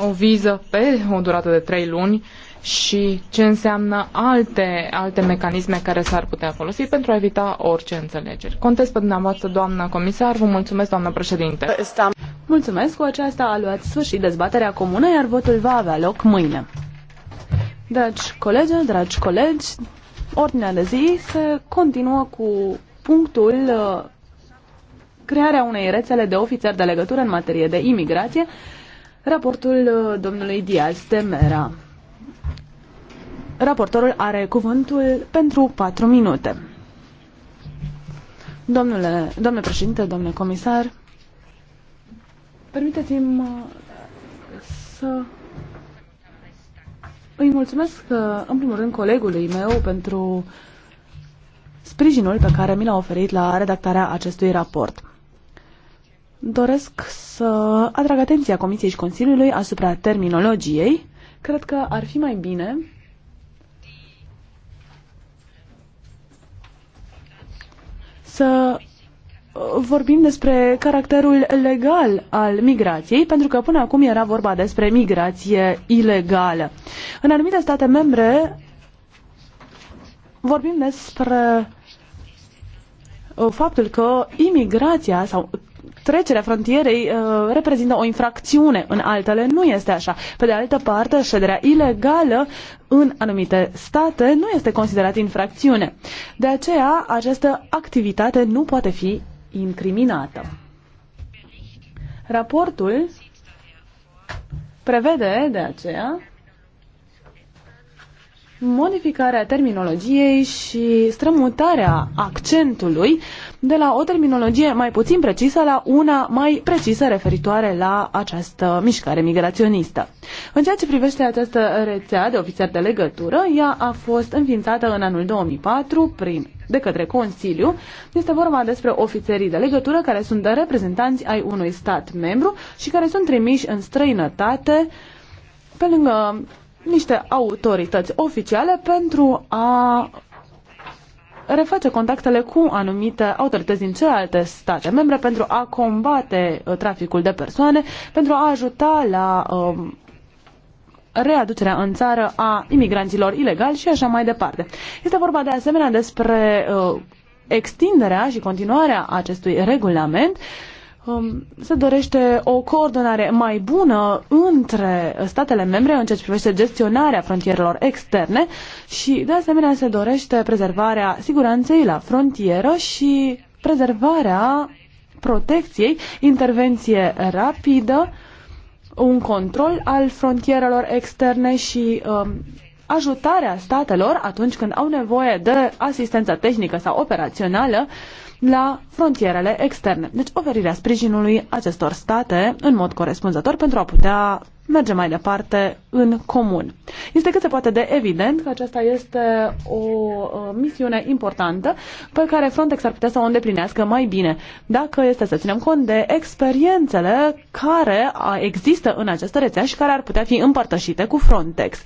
o viză pe o durată de trei luni și ce înseamnă alte, alte mecanisme care s-ar putea folosi pentru a evita orice înțelegeri. Contez pe dumneavoastră, doamnă comisar, vă mulțumesc, doamnă președinte. Mulțumesc, cu aceasta a luat sfârșit dezbaterea comună, iar votul va avea loc mâine. Dragi colegi, dragi colegi, ordinea de zi se continuă cu punctul uh, crearea unei rețele de ofițeri de legătură în materie de imigrație, raportul uh, domnului Diaz de Mera. Raportorul are cuvântul pentru patru minute. Domnule, domnule președinte, domnule comisar, permiteți-mi uh, să îi mulțumesc, uh, în primul rând, colegului meu pentru sprijinul pe care mi l-a oferit la redactarea acestui raport. Doresc să atrag atenția Comisiei și Consiliului asupra terminologiei. Cred că ar fi mai bine să vorbim despre caracterul legal al migrației, pentru că până acum era vorba despre migrație ilegală. În anumite state membre vorbim despre faptul că imigrația sau trecerea frontierei uh, reprezintă o infracțiune, în altele nu este așa. Pe de altă parte, șederea ilegală în anumite state nu este considerată infracțiune. De aceea, această activitate nu poate fi incriminată. Raportul prevede de aceea modificarea terminologiei și strămutarea accentului de la o terminologie mai puțin precisă la una mai precisă referitoare la această mișcare migraționistă. În ceea ce privește această rețea de ofițeri de legătură, ea a fost înființată în anul 2004 prin de către Consiliu. Este vorba despre ofițerii de legătură care sunt de reprezentanți ai unui stat membru și care sunt trimiși în străinătate pe lângă niște autorități oficiale pentru a reface contactele cu anumite autorități din celelalte state membre pentru a combate uh, traficul de persoane, pentru a ajuta la um, readucerea în țară a imigranților ilegali și așa mai departe. Este vorba de asemenea despre uh, extinderea și continuarea acestui regulament uh, Um, se dorește o coordonare mai bună între statele membre în ceea ce privește gestionarea frontierelor externe și, de asemenea, se dorește prezervarea siguranței la frontieră și prezervarea protecției, intervenție rapidă, un control al frontierelor externe și um, ajutarea statelor atunci când au nevoie de asistență tehnică sau operațională uh, la frontierele externe. Deci oferirea sprijinului acestor state în mod corespunzător pentru a putea merge mai departe în comun. Este cât se poate de evident că aceasta este o misiune importantă pe care Frontex ar putea să o îndeplinească mai bine dacă este să ținem cont de experiențele care există în această rețea și care ar putea fi împărtășite cu Frontex.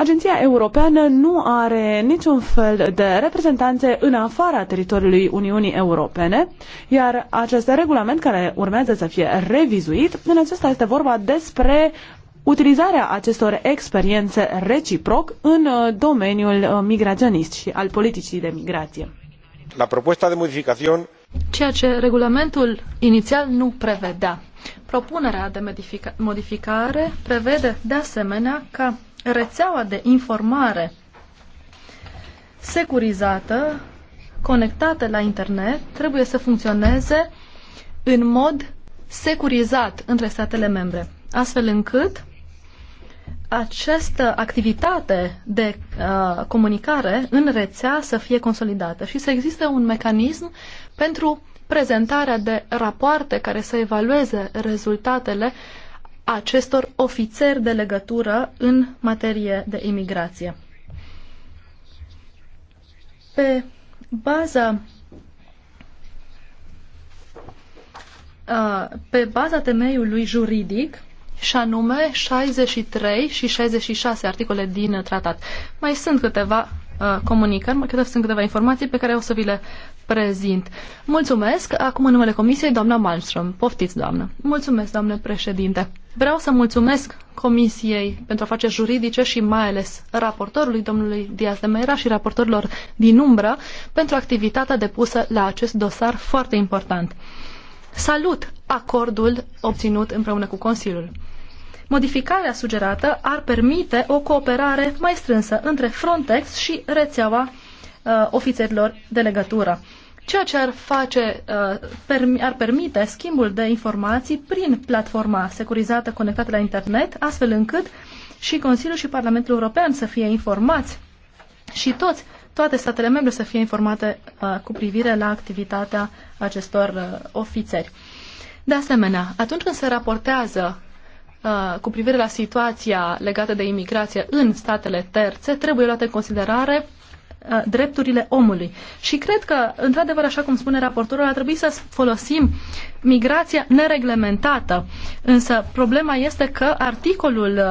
Agenția Europeană nu are niciun fel de reprezentanțe în afara teritoriului Uniunii Europene, iar acest regulament care urmează să fie revizuit, în acesta este vorba despre utilizarea acestor experiențe reciproc în uh, domeniul uh, migraționist și al politicii de migrație. La propuesta de modificación ceea ce regulamentul inițial nu prevedea. Propunerea de modificare prevede de asemenea ca rețeaua de informare securizată, conectată la internet, trebuie să funcționeze în mod securizat între statele membre, astfel încât această activitate de uh, comunicare în rețea să fie consolidată și să existe un mecanism pentru prezentarea de rapoarte care să evalueze rezultatele uh, acestor ofițeri de legătură în materie de imigrație. Pe baza pe baza temeiului juridic și anume 63 și 66 articole din tratat. Mai sunt câteva uh, comunicări, mai sunt câteva informații pe care o să vi le prezint. Mulțumesc. Acum în numele Comisiei, doamna Malmström. Poftiți, doamnă. Mulțumesc, doamnă președinte. Vreau să mulțumesc Comisiei pentru Afaceri Juridice și mai ales raportorului domnului Diaz de Mera și raportorilor din umbră pentru activitatea depusă la acest dosar foarte important. Salut acordul obținut împreună cu Consiliul. Modificarea sugerată ar permite o cooperare mai strânsă între Frontex și rețeaua uh, ofițerilor de legătură ceea ce ar face, uh, ar permite schimbul de informații prin platforma securizată conectată la internet, astfel încât și Consiliul și Parlamentul European să fie informați și toți, toate statele membre să fie informate uh, cu privire la activitatea acestor uh, ofițeri. De asemenea, atunci când se raportează cu privire la situația legată de imigrație în statele terțe, trebuie luată în considerare drepturile omului. Și cred că, într-adevăr, așa cum spune raportorul, ar trebui să folosim migrația nereglementată. Însă problema este că articolul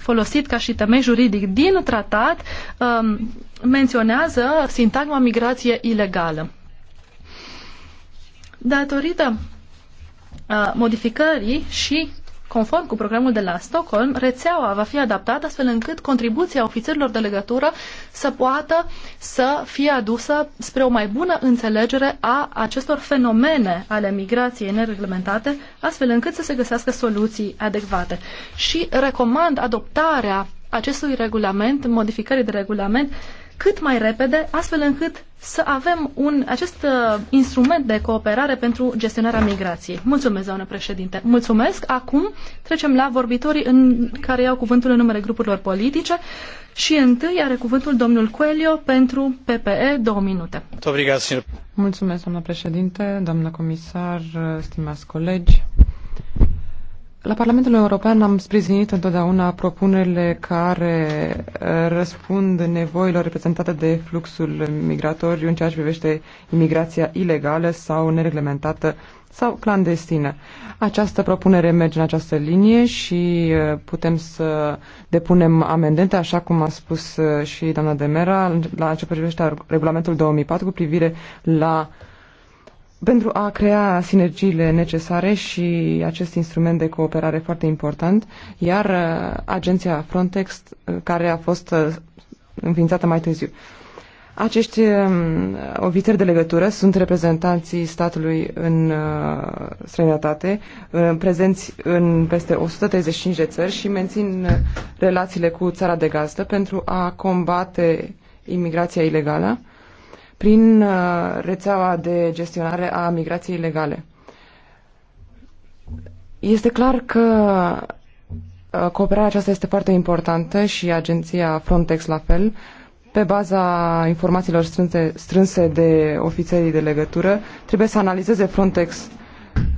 folosit ca și temei juridic din tratat menționează sintagma migrație ilegală. Datorită modificării și Conform cu programul de la Stockholm, rețeaua va fi adaptată astfel încât contribuția ofițerilor de legătură să poată să fie adusă spre o mai bună înțelegere a acestor fenomene ale migrației nereglementate, astfel încât să se găsească soluții adecvate. Și recomand adoptarea acestui regulament, modificării de regulament, cât mai repede, astfel încât să avem un, acest uh, instrument de cooperare pentru gestionarea migrației. Mulțumesc, doamnă președinte. Mulțumesc. Acum trecem la vorbitorii în care iau cuvântul în numele grupurilor politice și întâi are cuvântul domnul Coelho pentru PPE două minute. Mulțumesc, doamnă președinte, doamnă comisar, stimați colegi. La Parlamentul European am sprijinit întotdeauna propunerile care eh, răspund nevoilor reprezentate de fluxul migratoriu în ceea ce privește imigrația ilegală sau nereglementată sau clandestină. Această propunere merge în această linie și eh, putem să depunem amendente, așa cum a spus eh, și doamna Demera, la ce privește regulamentul 2004 cu privire la uh, pentru a crea sinergiile necesare și acest instrument de cooperare foarte important, iar uh, agenția Frontex, uh, care a fost uh, înființată mai târziu. Acești um, ofițeri de legătură sunt reprezentanții statului în străinătate, prezenți în peste 135 de țări și mențin relațiile cu țara de gazdă pentru a combate imigrația ilegală prin uh, rețeaua de gestionare a migrației ilegale. Este clar că uh, cooperarea aceasta este foarte importantă și agenția Frontex la fel. Pe baza informațiilor strânse, strânse de ofițerii de legătură, trebuie să analizeze Frontex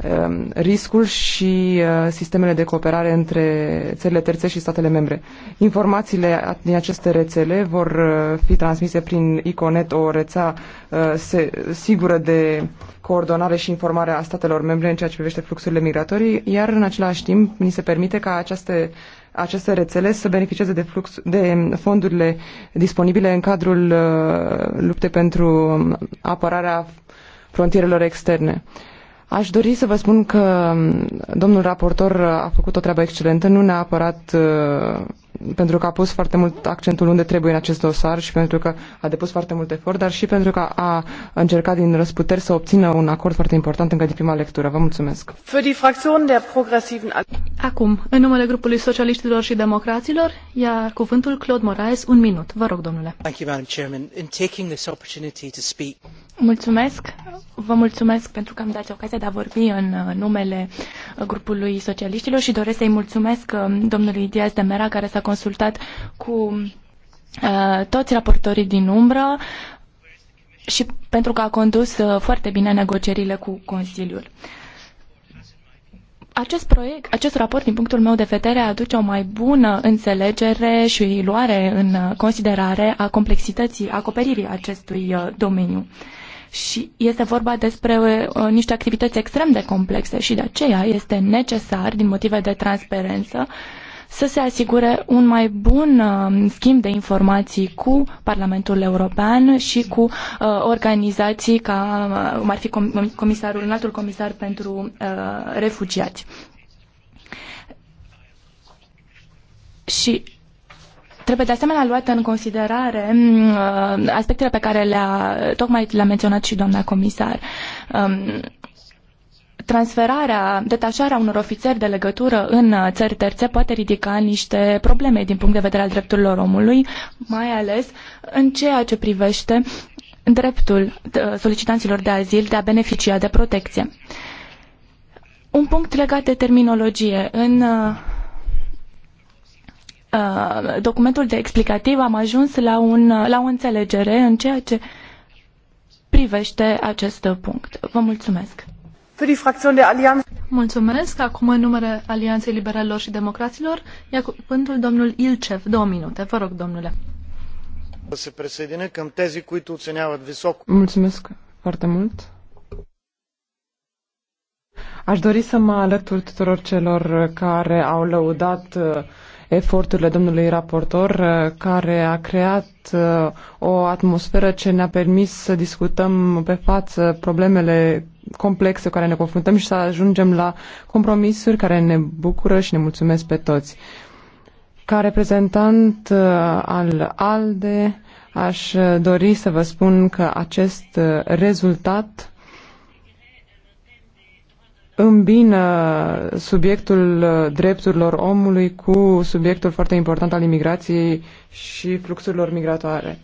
Um, riscul și uh, sistemele de cooperare între țările terțe și statele membre. Informațiile din aceste rețele vor uh, fi transmise prin ICONET, o rețea uh, sigură de coordonare și informare a statelor membre în ceea ce privește fluxurile migratorii, iar în același timp ni se permite ca aceste aceste rețele să beneficieze de, flux, de fondurile disponibile în cadrul uh, luptei pentru apărarea frontierelor externe. Uh, Aș dori să vă spun că mm, domnul raportor a făcut o treabă excelentă, nu neapărat uh, pentru că a pus foarte mult accentul unde trebuie în acest dosar și pentru că a depus foarte mult efort, dar și pentru că a încercat din răsputeri să obțină un acord foarte important încă din prima lectură. Vă mulțumesc! Acum, în numele grupului socialiștilor și democraților, ia cuvântul Claude Moraes, un minut. Vă rog, domnule. Mulțumesc! Vă mulțumesc pentru că am dat ocazia de a vorbi în uh, numele uh, grupului socialiștilor și doresc să-i mulțumesc uh, domnului Diaz de Mera care s-a a consultat cu uh, toți raportorii din umbră și pentru că a condus uh, foarte bine negocierile cu Consiliul. Acest proiect, acest raport, din punctul meu de vedere, aduce o mai bună înțelegere și luare în considerare a complexității acoperirii acestui uh, domeniu și este vorba despre uh, niște activități extrem de complexe și de aceea este necesar, din motive de transparență, să se asigure un mai bun um, schimb de informații cu Parlamentul European și cu uh, organizații ca uh, cum ar fi comisarul, înaltul comisar pentru uh, refugiați. Și Trebuie de asemenea luat în considerare um, aspectele pe care le-a, tocmai le-a menționat și doamna comisar. Um, transferarea, detașarea unor ofițeri de legătură în uh, țări terțe poate ridica niște probleme din punct de vedere al drepturilor omului, mai ales în ceea ce privește dreptul uh, solicitanților de azil de a beneficia de protecție. Un punct legat de terminologie. În uh, documentul de explicativ am ajuns la, un, la o înțelegere în ceea ce privește acest punct. Vă mulțumesc. Mulțumesc. Acum în numele Alianței Liberalilor și Democraților ia cuvântul domnul Ilcev. Două minute. Vă rog, domnule. Mulțumesc foarte mult. Aș dori să mă alătur tuturor celor care au lăudat uh, eforturile domnului raportor, uh, care a creat uh, o atmosferă ce ne-a permis să discutăm pe față problemele complexe cu care ne confruntăm și să ajungem la compromisuri care ne bucură și ne mulțumesc pe toți. Ca reprezentant uh, al ALDE, aș uh, dori să vă spun că acest uh, rezultat îmbină subiectul drepturilor omului cu subiectul foarte important al imigrației și fluxurilor migratoare.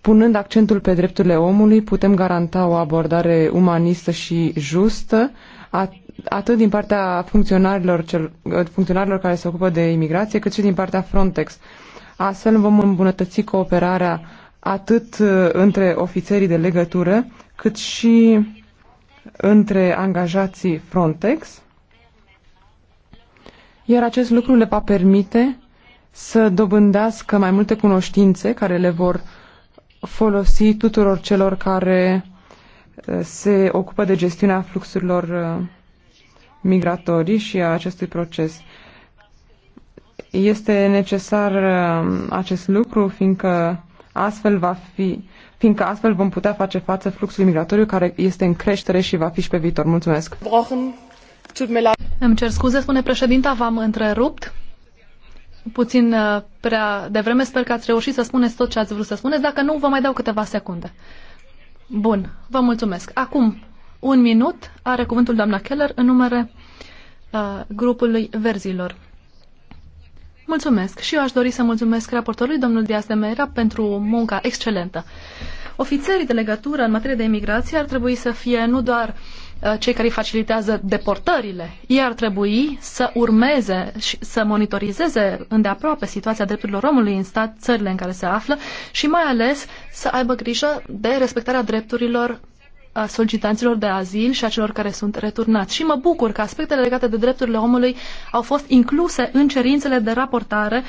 Punând accentul pe drepturile omului, putem garanta o abordare umanistă și justă, atât din partea funcționarilor, cel, funcționarilor care se ocupă de imigrație, cât și din partea Frontex. Astfel vom îmbunătăți cooperarea atât uh, între ofițerii de legătură, cât și între angajații Frontex, iar acest lucru le va permite să dobândească mai multe cunoștințe care le vor folosi tuturor celor care uh, se ocupă de gestiunea fluxurilor uh, migratorii și a acestui proces. Este necesar uh, acest lucru, fiindcă astfel va fi fiindcă astfel vom putea face față fluxului migratoriu care este în creștere și va fi și pe viitor. Mulțumesc! Îmi cer scuze, spune președinta, v-am întrerupt puțin uh, prea devreme. Sper că ați reușit să spuneți tot ce ați vrut să spuneți. Dacă nu, vă mai dau câteva secunde. Bun, vă mulțumesc. Acum, un minut, are cuvântul doamna Keller în numere uh, grupului verzilor. Mulțumesc și eu aș dori să mulțumesc raportorului domnul Diaz de Mera pentru munca excelentă. Ofițerii de legătură în materie de imigrație ar trebui să fie nu doar uh, cei care facilitează deportările. Ei ar trebui să urmeze și să monitorizeze îndeaproape situația drepturilor omului în stat, țările în care se află și mai ales să aibă grijă de respectarea drepturilor solicitanților de azil și a celor care sunt returnați. Și mă bucur că aspectele legate de drepturile omului au fost incluse în cerințele de raportare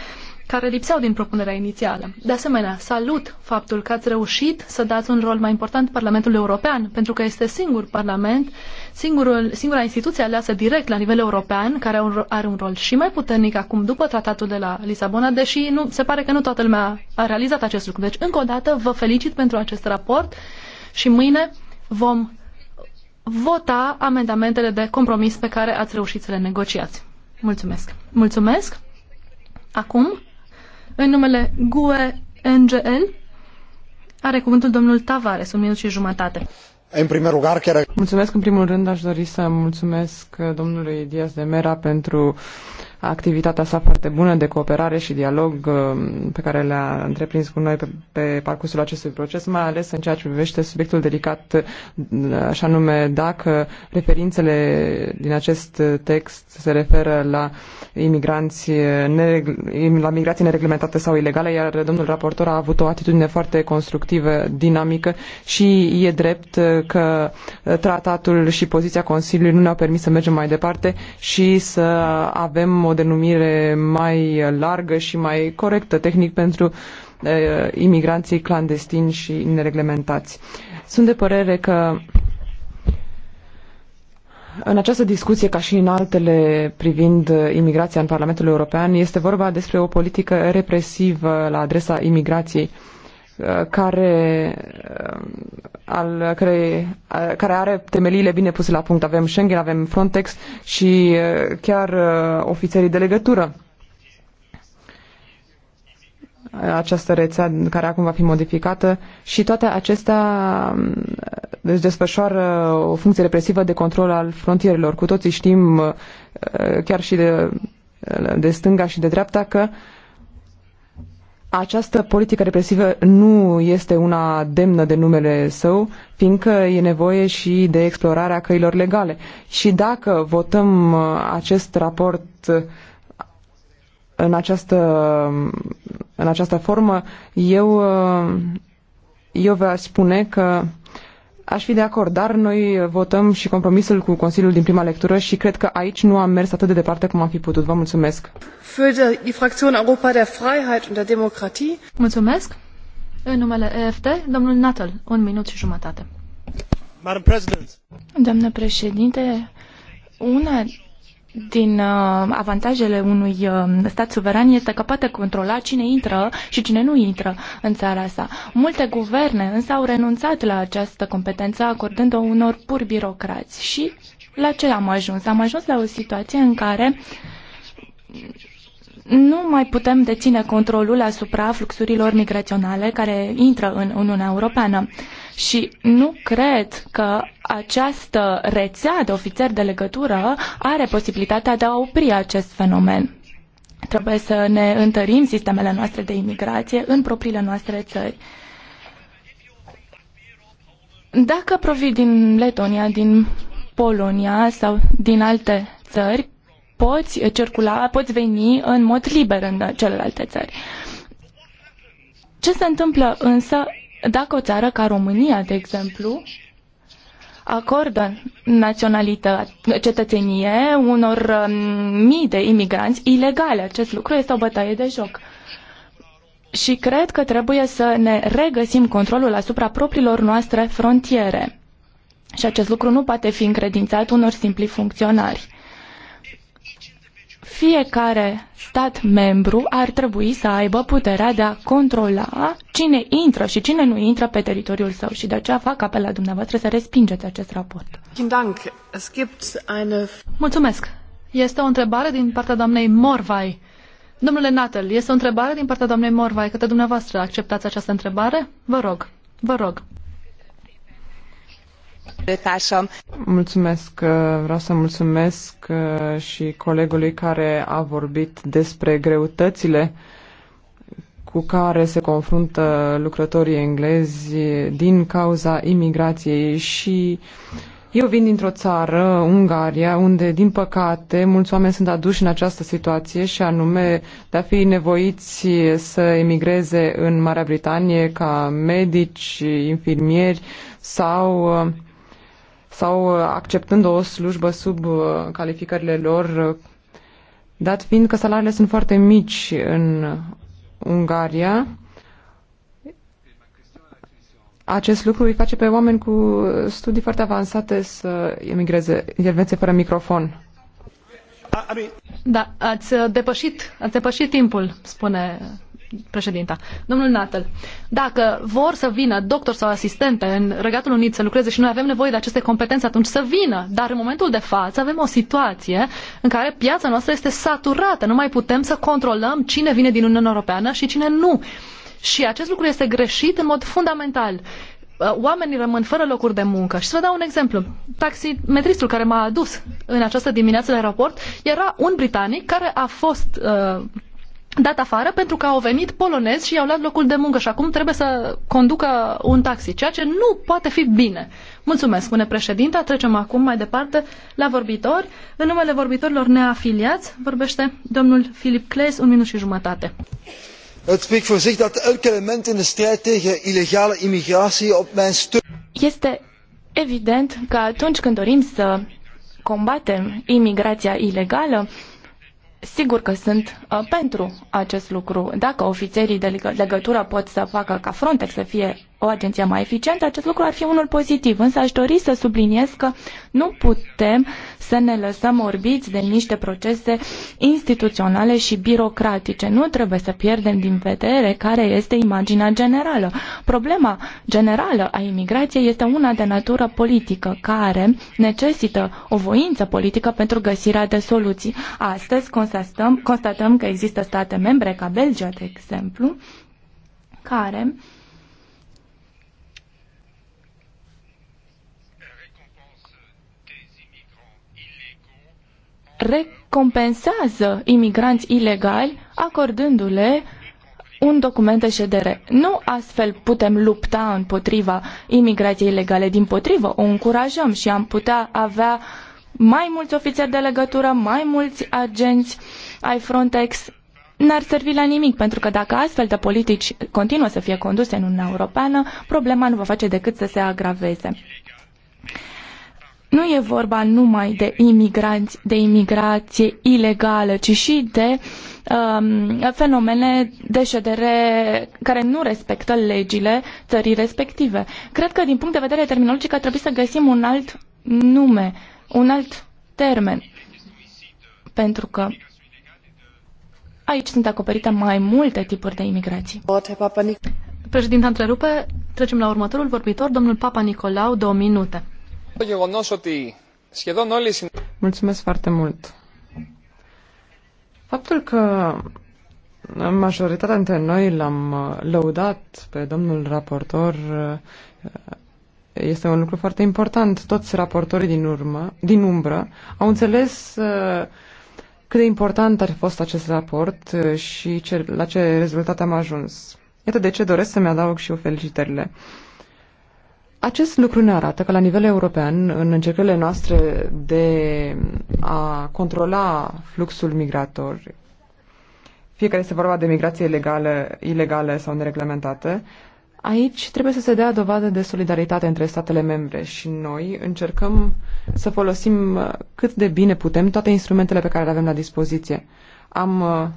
care lipseau din propunerea inițială. De asemenea, salut faptul că ați reușit să dați un rol mai important Parlamentului European, pentru că este singur Parlament, singurul, singura instituție aleasă direct la nivel european, care are un, are un rol și mai puternic acum după tratatul de la Lisabona, deși nu, se pare că nu toată lumea a realizat acest lucru. Deci, încă o dată, vă felicit pentru acest raport și mâine vom vota amendamentele de compromis pe care ați reușit să le negociați. Mulțumesc! Mulțumesc! Acum, în numele GUE NGL, are cuvântul domnul Tavares, un minut și jumătate. În primul rând, chiar... Mulțumesc în primul rând, aș dori să mulțumesc uh, domnului Diaz de Mera pentru activitatea sa foarte bună de cooperare și dialog uh, pe care le-a întreprins cu noi pe, pe parcursul acestui proces, mai ales în ceea ce privește subiectul delicat, uh, așa nume dacă referințele din acest text se referă la imigranți, uh, la migrații nereglementate sau ilegale, iar domnul raportor a avut o atitudine foarte constructivă, dinamică și e drept că tratatul și poziția Consiliului nu ne-au permis să mergem mai departe și să avem o o denumire mai largă și mai corectă tehnic pentru imigranții clandestini și nereglementați. Sunt de părere că în această discuție, ca și în altele privind imigrația în Parlamentul European, este vorba despre o politică represivă la adresa imigrației care, um, al, care, uh, care are temeliile bine puse la punct. Avem Schengen, avem Frontex și uh, chiar uh, ofițerii de legătură. Această rețea care acum va fi modificată și toate acestea deci desfășoară o funcție represivă de control al frontierelor. Cu toții știm, chiar și de, de stânga și de dreapta, că uh, această politică represivă nu este una demnă de numele său, fiindcă e nevoie și de explorarea căilor legale. Și dacă votăm uh, acest raport uh, în această, în această formă, eu, uh, eu vă spune că Aș fi de acord, dar noi votăm și compromisul cu Consiliul din prima lectură și cred că aici nu am mers atât de departe cum am fi putut. Vă mulțumesc. Für die Fraktion Europa der Freiheit und der Demokratie. Mulțumesc. În numele EFT, domnul Natal, un minut și jumătate. Madam President. Doamnă președinte, una din uh, avantajele unui uh, stat suveran este că poate controla cine intră și cine nu intră în țara sa. Multe guverne însă au renunțat la această competență acordând-o unor pur birocrați. Și la ce am ajuns? Am ajuns la o situație în care nu mai putem deține controlul asupra fluxurilor migraționale care intră în Uniunea Europeană. Și nu cred că această rețea de ofițeri de legătură are posibilitatea de a opri acest fenomen. Trebuie să ne întărim sistemele noastre de imigrație în propriile noastre țări. Dacă provii din Letonia, din Polonia sau din alte țări, poți circula, poți veni în mod liber în celelalte țări. Ce se întâmplă însă dacă o țară ca România, de exemplu, acordă naționalitate, cetățenie unor um, mii de imigranți ilegale, acest lucru este o bătaie de joc. Și cred că trebuie să ne regăsim controlul asupra propriilor noastre frontiere. Și acest lucru nu poate fi încredințat unor simpli funcționari fiecare stat membru ar trebui să aibă puterea de a controla cine intră și cine nu intră pe teritoriul său și de aceea fac apel la dumneavoastră să respingeți acest raport. Mulțumesc. Este o întrebare din partea doamnei Morvai. Domnule Natal, este o întrebare din partea doamnei Morvai către dumneavoastră. Acceptați această întrebare? Vă rog. Vă rog. Mulțumesc, uh, vreau să mulțumesc uh, și colegului care a vorbit despre greutățile cu care se confruntă lucrătorii englezi din cauza imigrației și eu vin dintr-o țară, Ungaria, unde, din păcate, mulți oameni sunt aduși în această situație și anume de a fi nevoiți să emigreze în Marea Britanie ca medici, infirmieri sau uh, sau uh, acceptând o slujbă sub uh, calificările lor, uh, dat fiind că salariile sunt foarte mici în Ungaria. Acest lucru îi face pe oameni cu studii foarte avansate să emigreze intervenție fără microfon. Da, ați depășit, ați depășit timpul, spune președinta. Domnul Natal, dacă vor să vină doctor sau asistente în Regatul Unit să lucreze și noi avem nevoie de aceste competențe, atunci să vină. Dar în momentul de față avem o situație în care piața noastră este saturată. Nu mai putem să controlăm cine vine din Uniunea Europeană și cine nu. Și acest lucru este greșit în mod fundamental uh, oamenii rămân fără locuri de muncă. Și să vă dau un exemplu. Taximetristul care m-a adus în această dimineață la aeroport era un britanic care a fost uh, dat afară pentru că au venit polonezi și i-au luat locul de muncă și acum trebuie să conducă un taxi, ceea ce nu poate fi bine. Mulțumesc, spune președinta. Trecem acum mai departe la vorbitori. În numele vorbitorilor neafiliați vorbește domnul Filip Claes, un minut și jumătate. Este evident că atunci când dorim să combatem imigrația ilegală, Sigur că sunt uh, pentru acest lucru. Dacă ofițerii de legătură pot să facă ca Frontex să fie o agenție mai eficientă, acest lucru ar fi unul pozitiv. Însă aș dori să subliniez că nu putem să ne lăsăm orbiți de niște procese instituționale și birocratice. Nu trebuie să pierdem din vedere care este imaginea generală. Problema generală a imigrației este una de natură politică, care necesită o voință politică pentru găsirea de soluții. Astăzi constatăm, constatăm că există state membre, ca Belgia, de exemplu, care uh, recompensează imigranți ilegali acordându-le un document de ședere. Nu astfel putem lupta împotriva imigrației ilegale, din potrivă, o încurajăm și am putea avea mai mulți ofițeri de legătură, mai mulți agenți ai Frontex. N-ar servi la nimic, pentru că dacă astfel de politici continuă să fie conduse în Uniunea Europeană, problema nu va face decât să se agraveze nu e vorba numai de imigranți, de imigrație ilegală, ci și de um, fenomene de ședere care nu respectă legile țării respective. Cred că din punct de vedere terminologic ar trebui să găsim un alt nume, un alt termen. Pentru că aici sunt acoperite mai multe tipuri de imigrații. Președinte, întrerupe, trecem la următorul vorbitor, domnul Papa Nicolau, două minute. Mulțumesc foarte mult. Faptul că majoritatea dintre noi l-am uh, lăudat pe domnul raportor uh, este un lucru foarte important. Toți raportorii din urmă, din umbră, au înțeles uh, cât de important ar fi fost acest raport și ce, la ce rezultat am ajuns. Iată de ce doresc să-mi adaug și eu felicitările. Acest lucru ne arată că la nivel european, în încercările noastre de a controla fluxul migrator, fie că este vorba de migrație ilegală, ilegală sau nereglementată, aici trebuie să se dea dovadă de solidaritate între statele membre și noi încercăm să folosim cât de bine putem toate instrumentele pe care le avem la dispoziție. Am uh,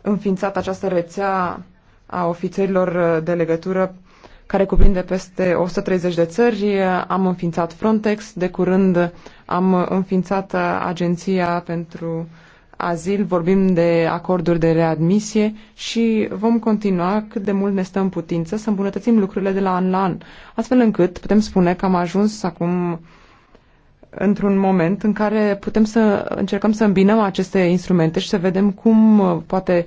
înființat această rețea a ofițerilor de legătură care cuprinde peste 130 de țări. Am înființat Frontex, de curând am înființat Agenția pentru Azil, vorbim de acorduri de readmisie și vom continua cât de mult ne stă în putință să îmbunătățim lucrurile de la an la an, astfel încât putem spune că am ajuns acum într-un moment în care putem să încercăm să îmbinăm aceste instrumente și să vedem cum poate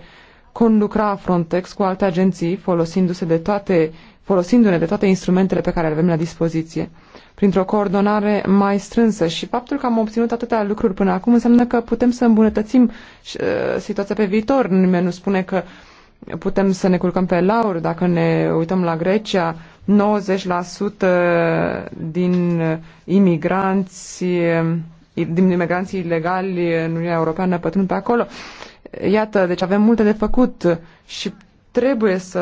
conlucra Frontex cu alte agenții, folosindu-se de toate folosindu-ne de toate instrumentele pe care le avem la dispoziție. Printr-o coordonare mai strânsă și faptul că am obținut atâtea lucruri până acum înseamnă că putem să îmbunătățim uh, situația pe viitor. Nimeni nu spune că putem să ne culcăm pe laur, dacă ne uităm la Grecia. 90% din imigranți din imigranții ilegali în Uniunea Europeană pătrund pe acolo. Iată, deci avem multe de făcut și trebuie să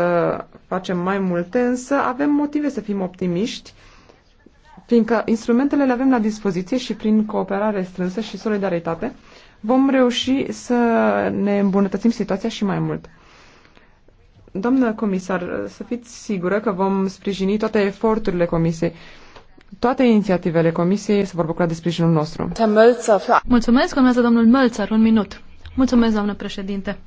facem mai multe, însă avem motive să fim optimiști, fiindcă instrumentele le avem la dispoziție și prin cooperare strânsă și solidaritate vom reuși să ne îmbunătățim situația și mai mult. Doamnă comisar, să fiți sigură că vom sprijini toate eforturile comisiei. Toate inițiativele comisiei se vor bucura de sprijinul nostru. Mulțumesc, urmează domnul Mălțăr, un minut. Mulțumesc, doamnă președinte.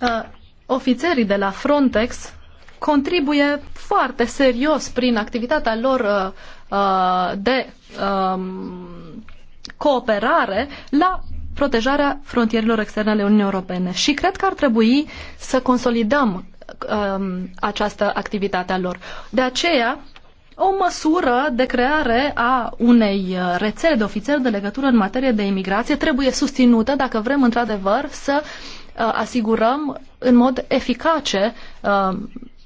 Uh, ofițerii de la Frontex contribuie foarte serios prin activitatea lor uh, uh, de um, cooperare la protejarea frontierilor externe ale Uniunii Europene. Și cred că ar trebui să consolidăm um, această activitate a lor. De aceea, o măsură de creare a unei uh, rețele de ofițeri de legătură în materie de imigrație trebuie susținută dacă vrem într-adevăr să uh, Uh, asigurăm în mod eficace uh,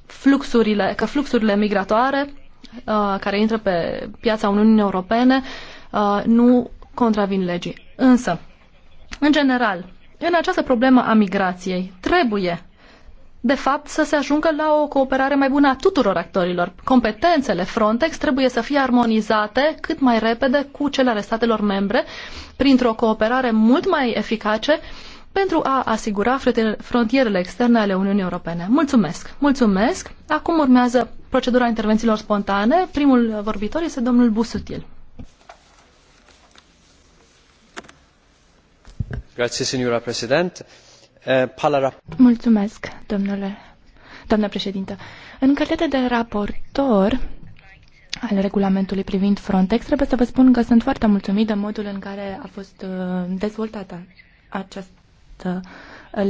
fluxurile, că fluxurile migratoare uh, care intră pe piața Uniunii Europene nu contravin legii. Însă, în general, în această problemă a migrației trebuie de fapt, să se ajungă la o cooperare mai bună a tuturor actorilor. Competențele Frontex trebuie să fie armonizate cât mai repede cu cele ale statelor membre, printr-o cooperare mult mai eficace uh, pentru a asigura frontierele externe ale Uniunii Europene. Mulțumesc! Mulțumesc! Acum urmează procedura intervențiilor spontane. Primul vorbitor este domnul Busutil. Eh, Mulțumesc, domnule, doamnă președintă. În calitate de raportor al regulamentului privind Frontex, trebuie să vă spun că sunt foarte mulțumit de modul în care a fost eh, dezvoltată acest această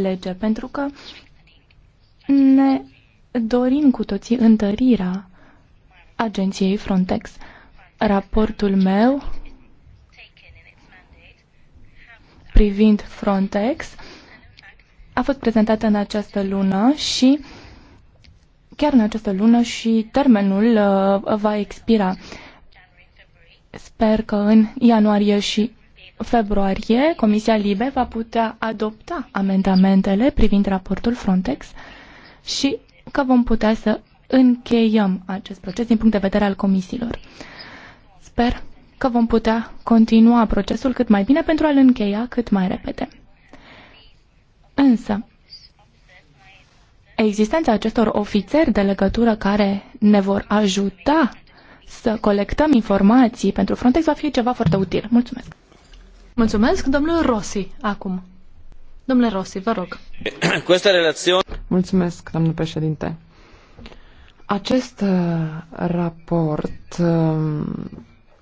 lege, pentru că ne dorim cu toții întărirea agenției Frontex. Raportul meu privind Frontex a fost prezentat în această lună și chiar în această lună și termenul uh, va expira. Sper că în ianuarie și februarie, Comisia Libe va putea adopta amendamentele privind raportul Frontex și că vom putea să încheiem acest proces din punct de vedere al comisiilor. Sper că vom putea continua procesul cât mai bine pentru a-l încheia cât mai repede. Însă, existența acestor ofițeri de legătură care ne vor ajuta să colectăm informații pentru Frontex va fi ceva foarte util. Mulțumesc! Mulțumesc, domnul Rossi, acum. Domnule Rossi, vă rog. Mulțumesc, domnul președinte. Acest uh, raport um,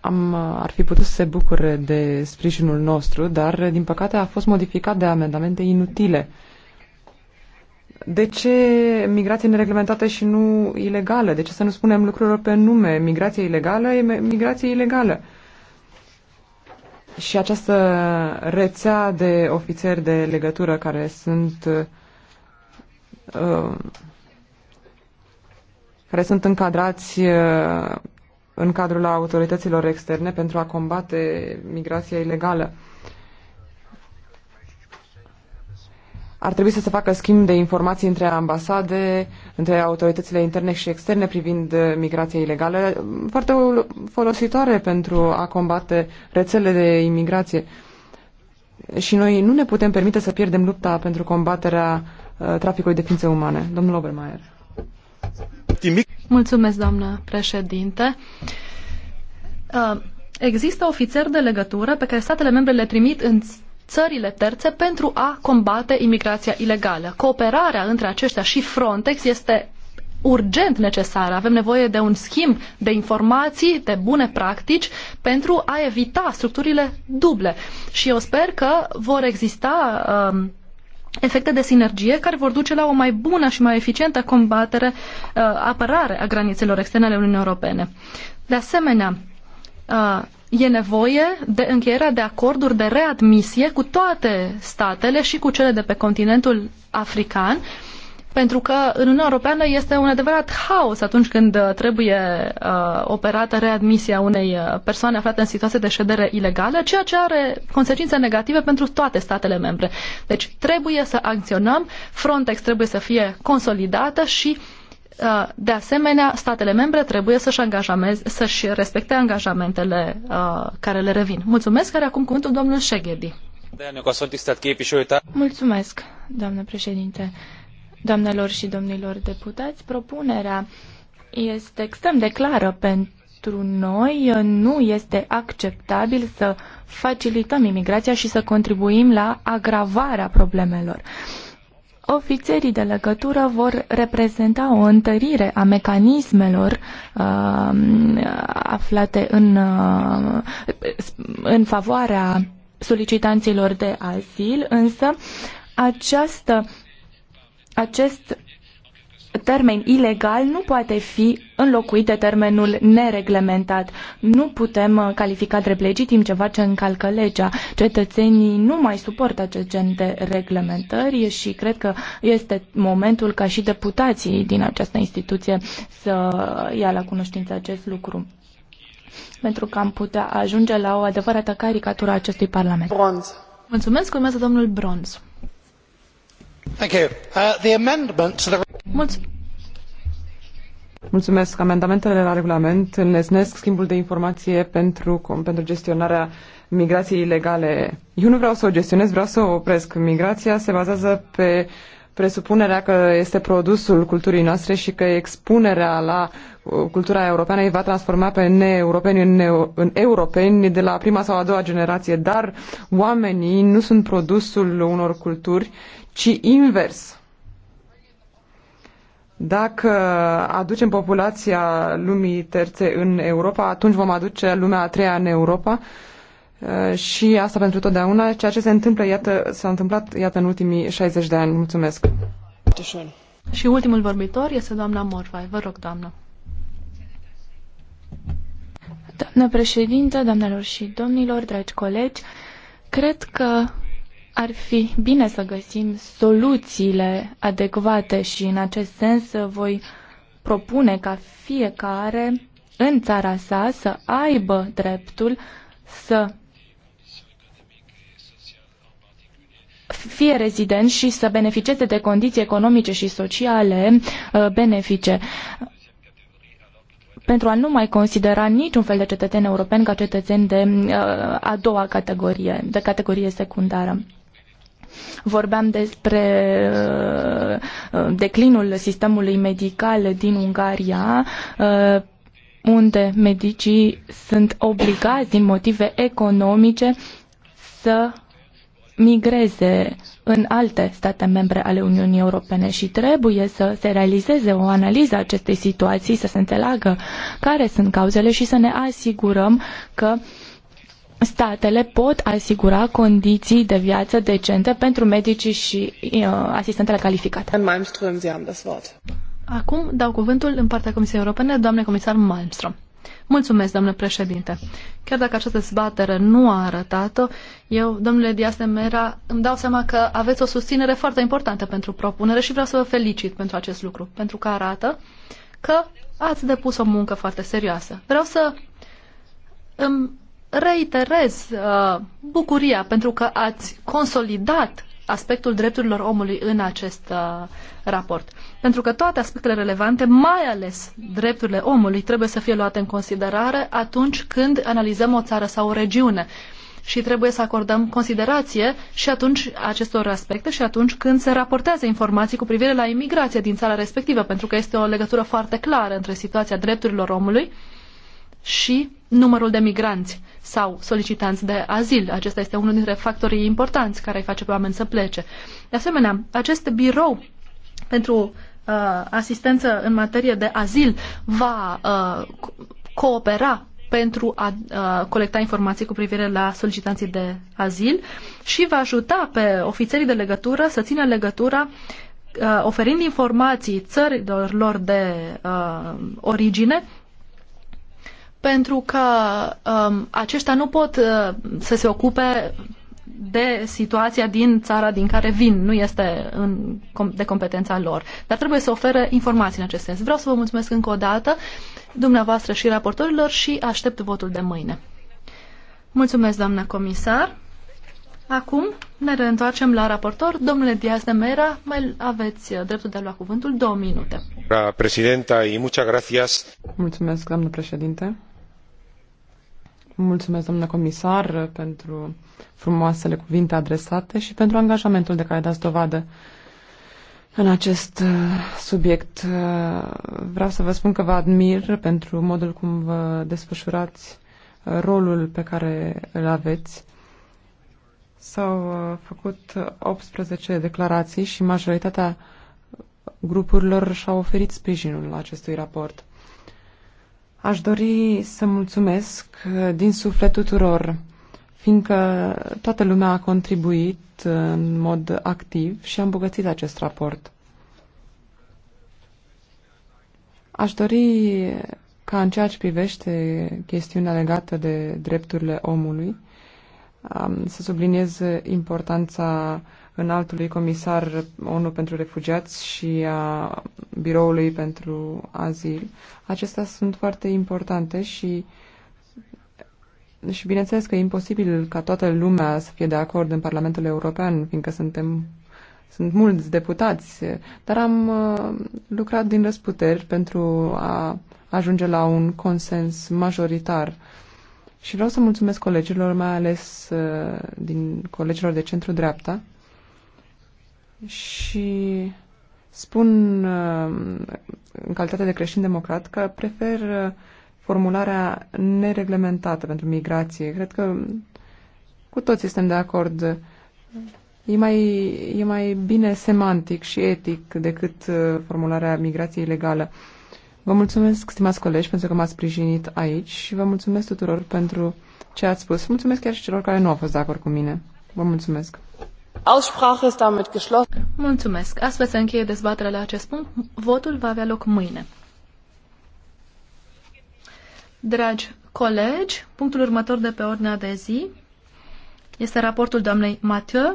am, uh, ar fi putut să se bucure de sprijinul nostru, dar, din păcate, a fost modificat de amendamente inutile. De ce migrație nereglementată și nu ilegală? De ce să nu spunem lucrurilor pe nume? Migrație ilegală e migrație ilegală și această rețea de ofițeri de legătură care sunt uh, care sunt încadrați uh, în cadrul autorităților externe pentru a combate migrația ilegală. ar trebui să se facă schimb de informații între ambasade, între autoritățile interne și externe privind uh, migrația ilegală, mm, foarte folositoare pentru a combate rețele de imigrație. Și noi nu ne putem permite să pierdem lupta pentru combaterea uh, traficului de ființe umane. Domnul Obermeier. Mulțumesc, doamnă președinte. Uh... Există ofițeri de legătură pe care statele membre le trimit în țările terțe pentru a combate imigrația ilegală. Cooperarea între aceștia și Frontex este urgent necesară. Avem nevoie de un schimb de informații, de bune practici pentru a evita structurile duble. Și eu sper că vor exista um, efecte de sinergie care vor duce la o mai bună și mai eficientă combatere, uh, apărare a granițelor externe ale Uniunii Europene. De asemenea, uh, e nevoie de încheierea de acorduri de readmisie cu toate statele și cu cele de pe continentul african, pentru că în Uniunea Europeană este un adevărat haos atunci când uh, trebuie uh, operată readmisia unei uh, persoane aflate în situație de ședere ilegală, ceea ce are consecințe negative pentru toate statele membre. Deci trebuie să acționăm, Frontex trebuie să fie consolidată și uh, Uh, de asemenea, statele membre trebuie să-și, să-și respecte angajamentele uh, care le revin. Mulțumesc, care acum cuvântul domnul Șeghedi. Mulțumesc, doamnă președinte. Doamnelor și domnilor deputați, propunerea este extrem de clară pentru noi. Nu este acceptabil să facilităm imigrația și să contribuim la agravarea problemelor. Uh, Ofițerii de legătură vor reprezenta o întărire a mecanismelor uh, aflate în, uh, în favoarea solicitanților de azil, însă această acest termen ilegal nu poate fi înlocuit de termenul nereglementat. Nu putem uh, califica drept legitim ceva ce încalcă legea. Cetățenii nu mai suportă acest gen de reglementări și cred că este momentul ca și deputații din această instituție să ia la cunoștință acest lucru pentru că am putea ajunge la o adevărată caricatură a acestui Parlament. Bronz. Mulțumesc, urmează domnul Bronz. Uh, Mulțumesc. Amendamentele la regulament înlesnesc schimbul de informație pentru, gestionarea migraiei ilegale. Eu nu vreau să o gestionez, vreau să opresc. Migrația se bazează pe presupunerea că este produsul culturii noastre și că expunerea la uh, cultura europeană îi va transforma pe neeuropeni în, neo, în europeni de la prima sau a doua generație, dar oamenii nu sunt produsul unor culturi, ci invers. Dacă aducem populația lumii terțe în Europa, atunci vom aduce lumea a treia în Europa Uh, și asta pentru totdeauna, ceea ce se întâmplă, iată, s-a întâmplat, iată, în ultimii 60 de ani. Mulțumesc! Și ultimul vorbitor este doamna Morvai. Vă rog, doamnă. Doamnă președintă, doamnelor și domnilor, dragi colegi, cred că ar fi bine să găsim soluțiile adecvate și în acest sens voi propune ca fiecare în țara sa să aibă dreptul să fie rezidenți și să beneficieze de condiții economice și sociale uh, benefice pentru a nu mai considera niciun fel de cetățen european ca cetățen de uh, a doua categorie, de categorie secundară. Vorbeam despre uh, declinul sistemului medical din Ungaria, unde medicii sunt obligați din motive economice să migreze în alte state membre ale Uniunii Europene și trebuie să se realizeze o analiză a acestei situații, să se înțeleagă care sunt cauzele și să ne asigurăm că statele pot asigura condiții de viață decente pentru medicii și uh, asistentele calificate. Acum dau cuvântul în partea Comisiei Europene, doamne comisar Malmström. Mulțumesc, domnule președinte. Chiar dacă această zbatere nu a arătat-o, eu, domnule Dias de Mera, îmi dau seama că aveți o susținere foarte importantă pentru propunere și vreau să vă felicit pentru acest lucru, pentru că arată că ați depus o muncă foarte serioasă. Vreau să îmi reiterez uh, bucuria pentru că ați consolidat aspectul drepturilor omului în acest uh, raport pentru că toate aspectele relevante, mai ales drepturile omului, trebuie să fie luate în considerare atunci când analizăm o țară sau o regiune și trebuie să acordăm considerație și atunci acestor aspecte și atunci când se raportează informații cu privire la imigrație din țara respectivă, pentru că este o legătură foarte clară între situația drepturilor omului și numărul de migranți sau solicitanți de azil. Acesta este unul dintre factorii importanți care îi face pe oameni să plece. De asemenea, acest birou pentru Uh, asistență în materie de azil va uh, coopera pentru a, uh, colecta informații cu privire la solicitanții de azil și va ajuta pe ofițerii de legătură să țină legătura oferind informații țărilor lor de uh, origine pentru că uh, aceștia nu pot uh, să se ocupe de situația din țara din care vin, nu este în, de competența lor. Dar trebuie să ofere informații în acest sens. Vreau să vă mulțumesc încă o dată, dumneavoastră și raportorilor, și aștept votul de mâine. Mulțumesc, doamna comisar. Acum ne reîntoarcem la raportor. Domnule Diaz de Mera, mai aveți dreptul de a lua cuvântul două minute. Mulțumesc, doamnă președinte. Mulțumesc, doamnă comisar, pentru frumoasele cuvinte adresate și pentru angajamentul de care dați dovadă în acest uh, subiect. Uh, vreau să vă spun că vă admir pentru modul cum vă desfășurați uh, rolul pe care îl aveți. S-au făcut 18 declarații și majoritatea grupurilor și-au oferit sprijinul acestui raport. Aș dori să mulțumesc din suflet tuturor, fiindcă toată lumea a contribuit în mod activ și a îmbogățit acest raport. Aș dori ca în ceea ce privește chestiunea legată de drepturile omului, să subliniez importanța înaltului comisar ONU pentru refugiați și a biroului pentru azil. Acestea sunt foarte importante și și bineînțeles că e imposibil ca toată lumea să fie de acord în Parlamentul European, fiindcă suntem sunt mulți deputați, dar am uh, lucrat din răsputeri pentru a ajunge la un consens majoritar. Și vreau să mulțumesc colegilor, mai ales uh, din colegilor de centru-dreapta, și spun uh, în calitate de creștin democrat că prefer uh, formularea nereglementată pentru migrație. Cred că cu toți suntem de acord. E mai, e mai bine semantic și etic decât uh, formularea migrației ilegală. Vă mulțumesc, stimați colegi, pentru că m-ați sprijinit aici și vă mulțumesc tuturor pentru ce ați spus. Mulțumesc chiar și celor care nu au fost de acord cu mine. Vă mulțumesc. Mulțumesc. Astfel se încheie dezbaterea la acest punct. Votul va avea loc mâine. Dragi colegi, punctul următor de pe ordinea de zi este raportul doamnei Mathieu.